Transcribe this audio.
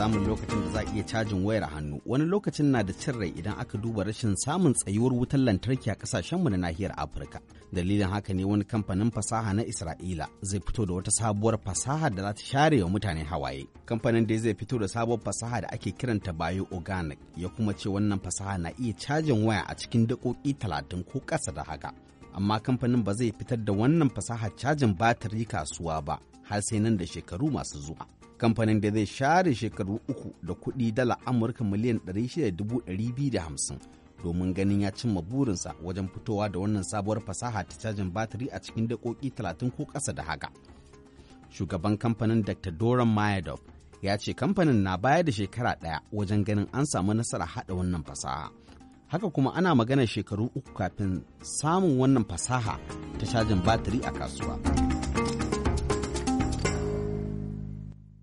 samun lokacin da za a iya cajin wayar hannu wani lokacin na da cin rai idan aka duba rashin samun tsayuwar wutar lantarki a kasashenmu na nahiyar afirka dalilin haka ne wani kamfanin fasaha na isra'ila zai fito da wata sabuwar fasaha da za ta share wa mutane hawaye kamfanin da zai fito da sabuwar fasaha da ake kiranta bayo organic ya kuma ce wannan fasaha na iya cajin waya a cikin daƙoƙi talatin ko ƙasa da haka amma kamfanin ba zai fitar da wannan fasaha cajin batiri kasuwa ba har sai nan da shekaru masu zuwa. Kamfanin da zai share shekaru uku da kuɗi dala Amurka miliyan 600,250 domin ganin ya cimma burinsa wajen fitowa da wannan sabuwar fasaha ta cajin batiri a cikin daƙoƙi 30 ko ƙasa da haka. Shugaban kamfanin Dr. Doron Mayadov ya ce kamfanin na baya da shekara ɗaya wajen ganin an samu nasara haɗa wannan fasaha. Haka kuma ana magana shekaru uku kafin samun wannan fasaha ta cajin batiri a kasuwa.